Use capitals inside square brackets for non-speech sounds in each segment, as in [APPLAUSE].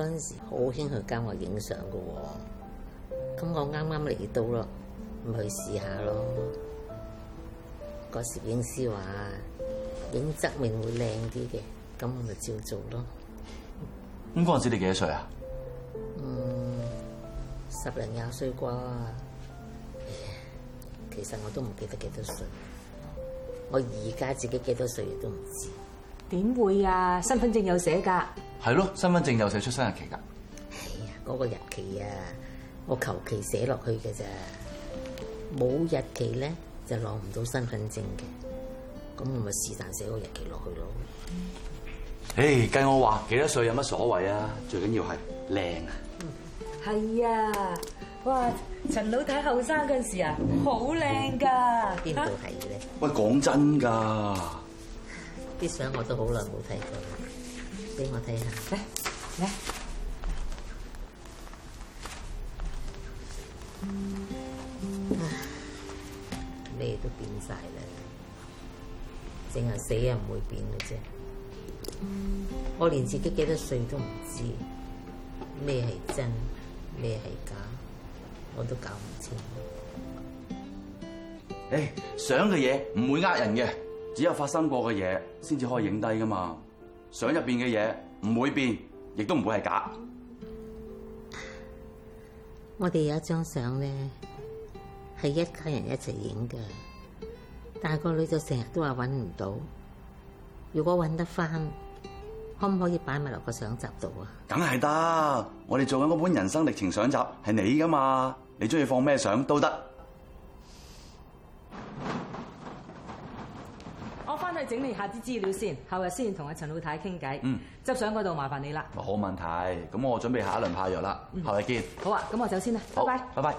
嗰陣時好興去教我影相嘅喎，咁我啱啱嚟到咯，咪去試下咯。個攝影師話影側面會靚啲嘅，咁我咪照做咯。咁嗰陣時你幾多歲啊？嗯，十零廿歲啩。其實我都唔記得幾多歲，我而家自己幾多歲亦都唔知。點會啊？身份證有寫㗎，係咯，身份證有寫出生日期㗎。哎呀，嗰、那個日期啊，我求其寫落去嘅咋，冇日期咧就攞唔到身份證嘅。咁我咪是但寫個日期落去咯。哎、嗯，hey, 計我話幾多歲有乜所謂啊？最緊要係靚啊。係、嗯、啊，哇！陳老太後生嗰陣時啊，好靚㗎，邊度係咧？喂，講真㗎。啲相我都好耐冇睇過，俾我睇下，嚟嚟，咩都變晒啦，淨係死人唔會變嘅啫。我連自己幾多歲都唔知，咩係真，咩係假，我都搞唔清。誒，hey，相嘅嘢唔會呃人嘅。只有發生過嘅嘢先至可以影低噶嘛，相入邊嘅嘢唔會變，亦都唔會係假。我哋有一張相咧，係一家人一齊影噶，但係個女就成日都話揾唔到。如果揾得翻，可唔可以擺埋落個相集度啊？梗係得，我哋做緊嗰本人生歷程相集係你噶嘛，你中意放咩相都得。整理下啲資料先，後日先同阿陳老太傾偈。嗯，執相嗰度麻煩你啦。冇問題，咁我準備下一輪派藥啦。嗯，後日見好。好啊，咁我走先啦。拜拜。拜拜。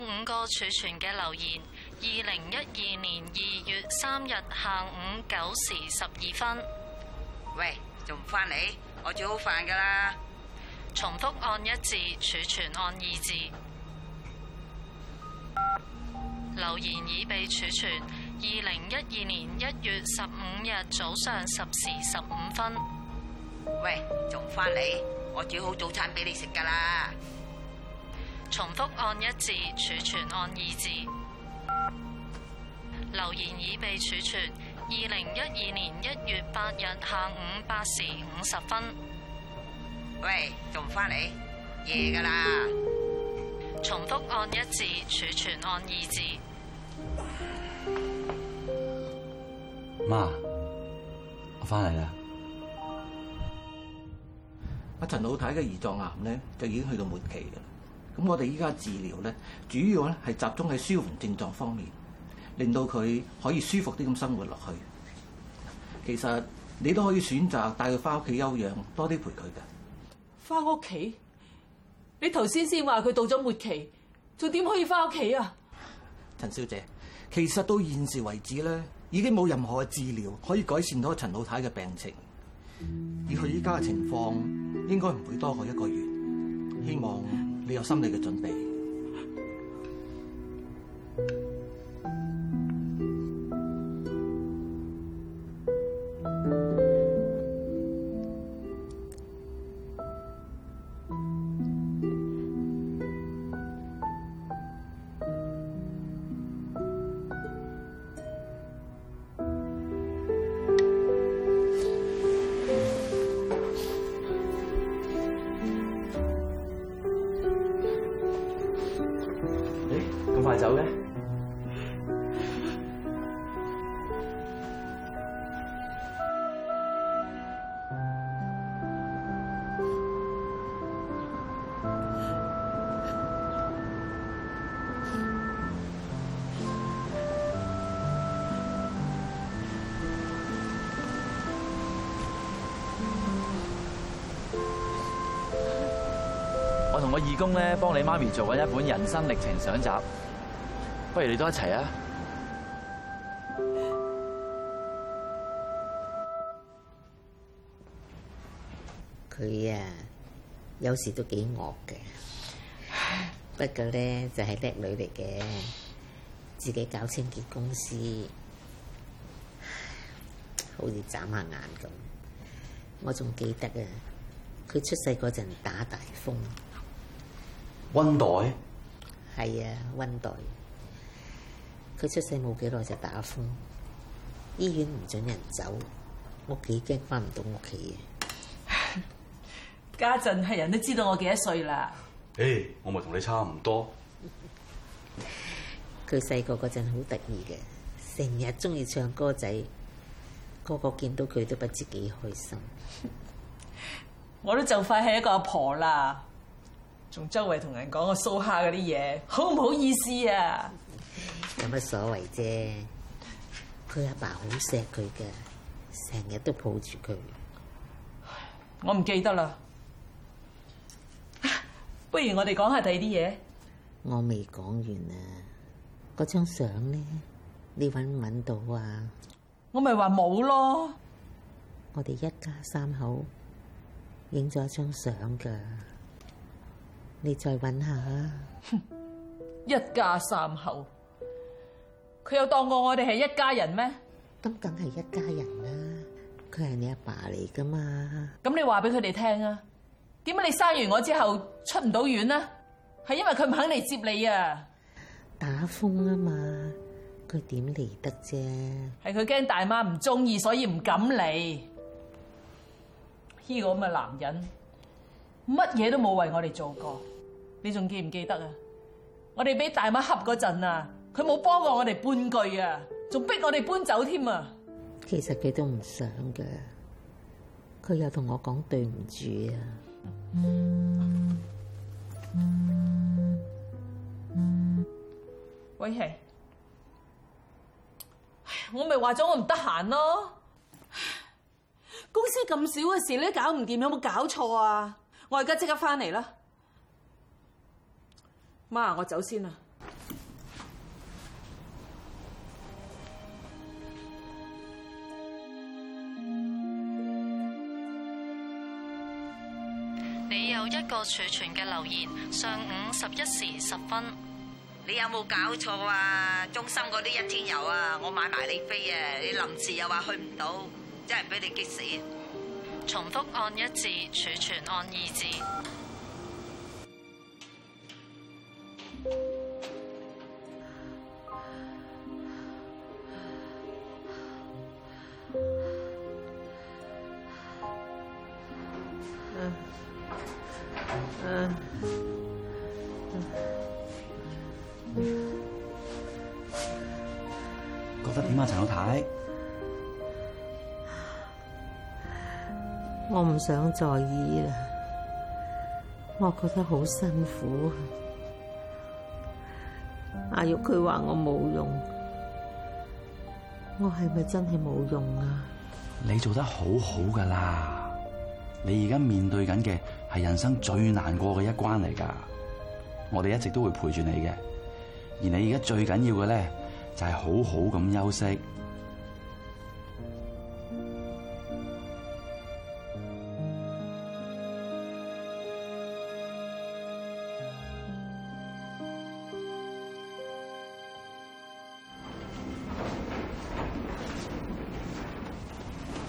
五個儲存嘅留言，二零一二年二月三日下午九時十二分。喂，仲唔翻嚟？我煮好飯㗎喇。重複按一字，儲存按二字。留言已被儲存，二零一二年一月十五日早上十時十五分。喂，仲唔翻嚟？我煮好早餐俾你食㗎喇。重複按一字，儲存按二字。留言已被儲存，二零一二年一月八日下午八時五十分。喂，仲唔翻嚟？夜噶啦。重複按一字，儲存按二字。媽，我翻嚟啦。阿陳老太嘅胰臟癌咧，就已經去到末期啦。咁我哋依家治療咧，主要咧係集中喺舒緩症狀方面，令到佢可以舒服啲咁生活落去。其實你都可以選擇帶佢翻屋企休養，多啲陪佢㗎。翻屋企？你頭先先話佢到咗末期，仲點可以翻屋企啊？陳小姐，其實到現時為止咧，已經冇任何嘅治療可以改善到陳老太嘅病情，以佢依家嘅情況應該唔會多過一個月。希望。你有心理嘅準備。我義工咧幫你媽咪做緊一本人生歷程相集， [LAUGHS] 不如你都一齊啊！佢啊，有時都幾惡嘅， [LAUGHS] 不過咧就係、是、叻女嚟嘅，自己搞清潔公司好似眨下眼咁。我仲記得啊，佢出世嗰陣打大風。温袋，係啊，温袋。佢出世冇幾耐就打風，醫院唔准人走，我幾驚翻唔到屋企嘅。家陣係人都知道我幾多歲啦。誒，hey, 我咪同你差唔多。佢細個嗰陣好得意嘅，成日中意唱歌仔，個個見到佢都不知幾開心。 [LAUGHS] 我都就快係一個阿婆啦。仲周圍同人講我蘇蝦嗰啲嘢，好唔好意思啊？ [LAUGHS] 有乜所謂啫？佢阿爸好錫佢嘅，成日都抱住佢。我唔記得啦，啊。不如我哋講下第二啲嘢。我未講完啊！嗰張相咧，你揾唔揾到啊？我咪話冇咯。我哋一家三口影咗一張相㗎。你再揾下哼，一家三口，佢有當過我哋係一家人咩？咁梗係一家人啦，佢係你阿爸嚟噶嘛？咁你話俾佢哋聽啊？點解你生完我之後出唔到院啊？係因為佢唔肯嚟接你啊！打風啊嘛，佢點嚟得啫？係佢驚大媽唔中意，所以唔敢嚟。呢、這個咁嘅男人。乜嘢都冇為我哋做過，你仲記唔記得啊？我哋俾大媽恰嗰陣啊，佢冇幫過我哋半句啊，仲逼我哋搬走添啊！其實佢都唔想嘅，佢又同我講對唔住啊。偉希、嗯嗯嗯，我咪話咗我唔得閒咯，公司咁少嘅事你都搞唔掂，有冇搞錯啊？我而家即刻翻嚟啦，媽，我走先啦。你有一個儲存嘅留言，上午十一時十分。你有冇搞錯啊？中心嗰啲一天遊啊，我買埋你飛啊，你臨時又話去唔到，真係俾你激死！重複按一字，儲存按二字。嗯嗯。嗯嗯嗯。覺得點啊，陳老太太？我唔想在意啦，我覺得好辛苦。阿玉佢話我冇用，我係咪真係冇用啊？你做得好好噶啦，你而家面對緊嘅係人生最難過嘅一關嚟噶，我哋一直都會陪住你嘅，而你而家最緊要嘅咧就係好好咁休息。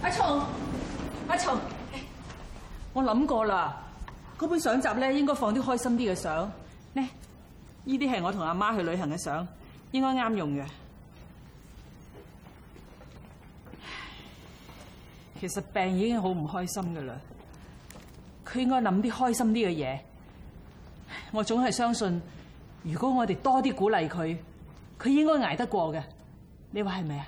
阿松，阿松，hey，我諗過啦，嗰本相集咧，應該放啲開心啲嘅相咧。呢啲係我同阿媽，媽去旅行嘅相，應該啱用嘅。其實病已經好唔開心噶啦，佢應該諗啲開心啲嘅嘢。我總係相信，如果我哋多啲鼓勵佢，佢應該挨得過嘅。你話係咪啊？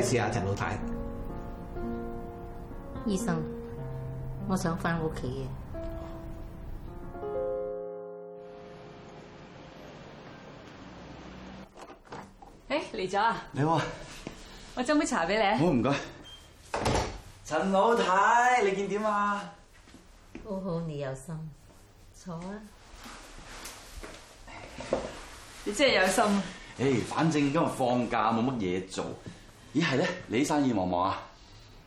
咩事啊，陳老太太？醫生，我想翻屋企嘅。誒，hey，嚟咗啊？你好啊，我斟杯茶俾你。好，唔該。陳老太，你見點啊？好好，你有心。坐啊。Hey, 你真係有心。啊。誒，反正今日放假，冇乜嘢做。咦係咧，你生意忙忙啊？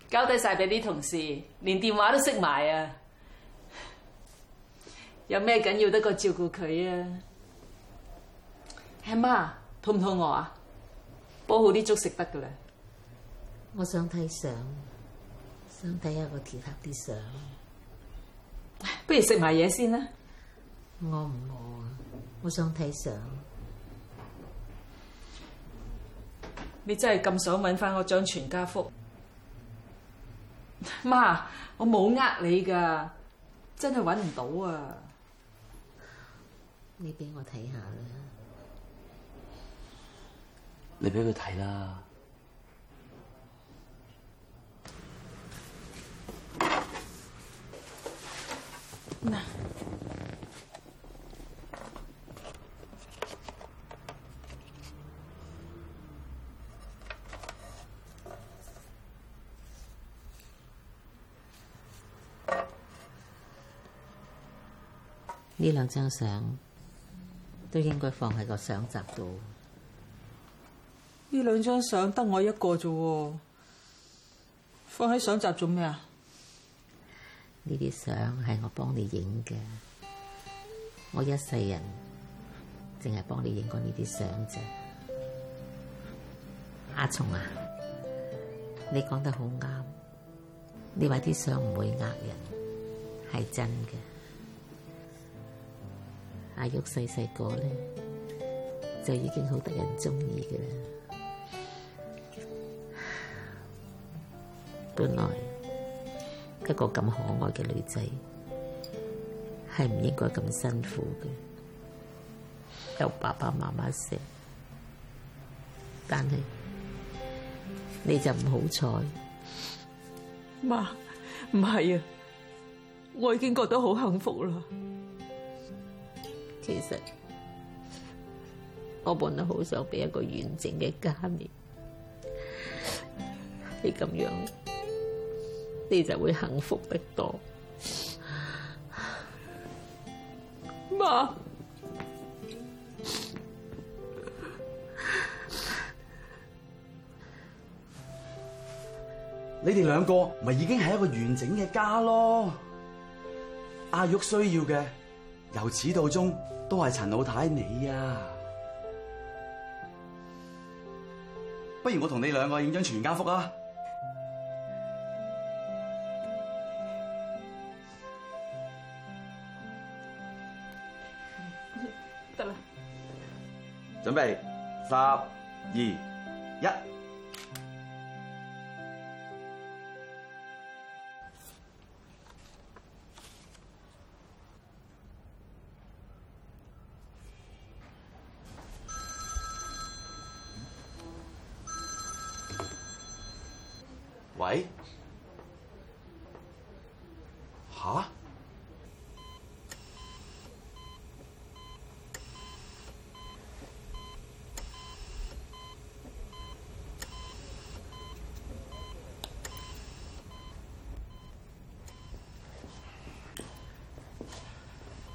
交低晒俾啲同事，連電話都熄埋啊！有咩緊要得過照顧佢啊！係媽，肚唔肚餓啊？煲好啲粥食得噶啦。我想睇相，想睇下個其他啲相。不如食埋嘢先啦。餓唔餓啊？我想睇相。你真係咁想揾翻我張全家福？媽，我冇呃你㗎，真係揾唔到啊！你俾我睇下啦。你俾佢睇啦。嗱、啊。呢兩張相都應該放喺個相集度。呢兩張相得我一個啫喎，放喺相集做咩啊？呢啲相係我幫你影嘅，我一世人淨係幫你影過呢啲相啫。阿松啊，你講得好啱，你話啲相唔會呃人，係真嘅。阿玉細細個咧，就已經好得人中意嘅啦。本來一個咁可愛嘅女仔係唔應該咁辛苦嘅，有爸爸媽媽食，但係你就唔好彩。媽，唔係啊，我已經覺得好幸福啦。其實我本來好想俾一個完整嘅家你，你咁樣你就會幸福得多。媽，你哋兩個咪已經係一個完整嘅家咯？阿玉需要嘅。由始到終都係陳老太，太你啊，不如我同你兩個影張全家福啦。得啦，準備，三、二、一。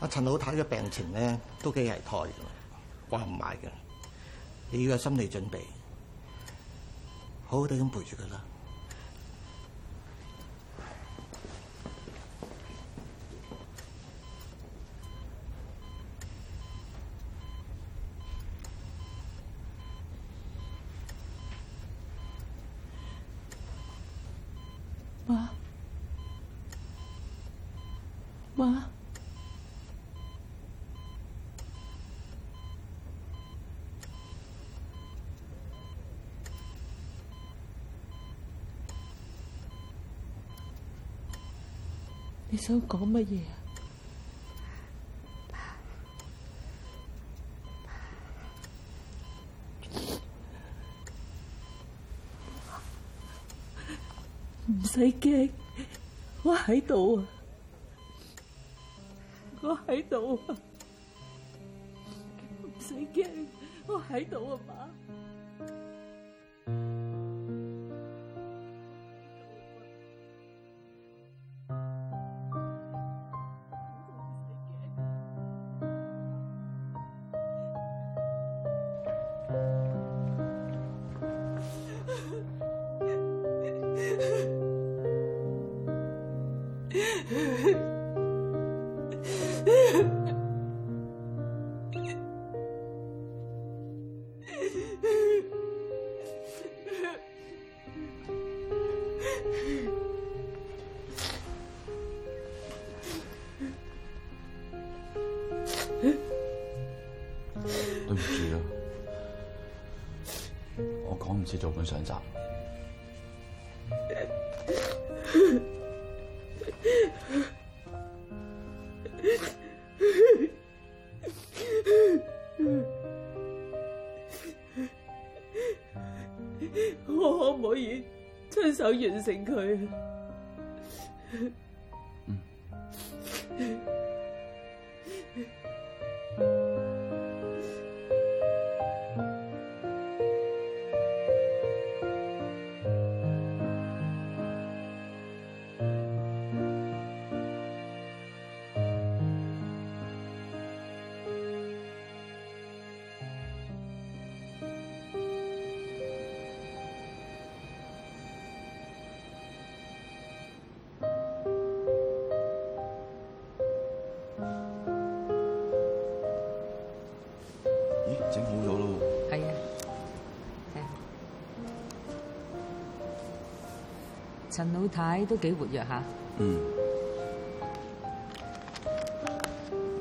陳老太嘅病情呢都幾危殆嘅，話唔埋嘅，你要有心理準備，好好地咁陪住佢啦。想講乜嘢啊？唔使驚，我喺度啊！我喺度啊！唔使驚，我喺度啊，媽。我可以親手完成佢。 [LAUGHS] 整好咗咯。係啊，陳老太都幾活躍下。嗯。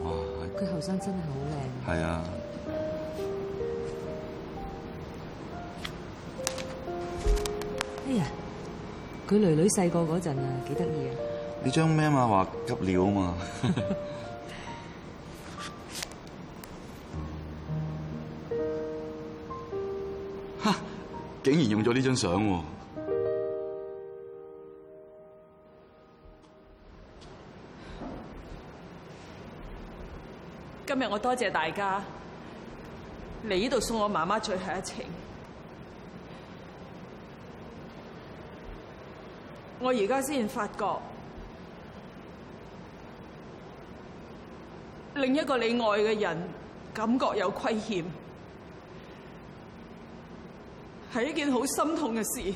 哇，佢後生真係好靚。係啊。哎呀，佢女女細個嗰陣啊，幾得意啊。你張咩嘛話急料嘛？ [LAUGHS] 竟然用咗呢張相喎。今日我多謝大家嚟呢度送我媽媽最後一程。我而家先發覺，另一個你愛嘅人，感覺有虧欠。係一件好心痛嘅事，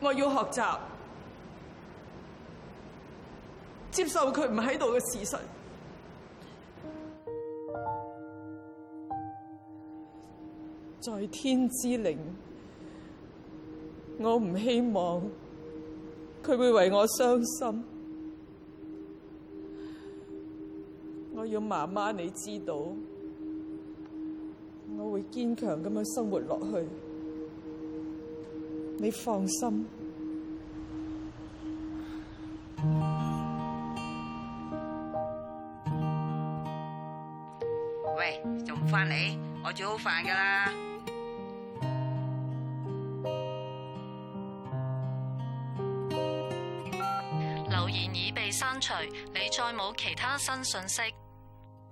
我要學習接受佢唔喺度嘅事實。在天之靈，我唔希望佢會為我傷心。要媽媽你知道，我會堅強咁樣生活落去，你放心。喂，仲唔翻嚟？我煮好飯噶啦。留言已被刪除，你再冇其他新訊息。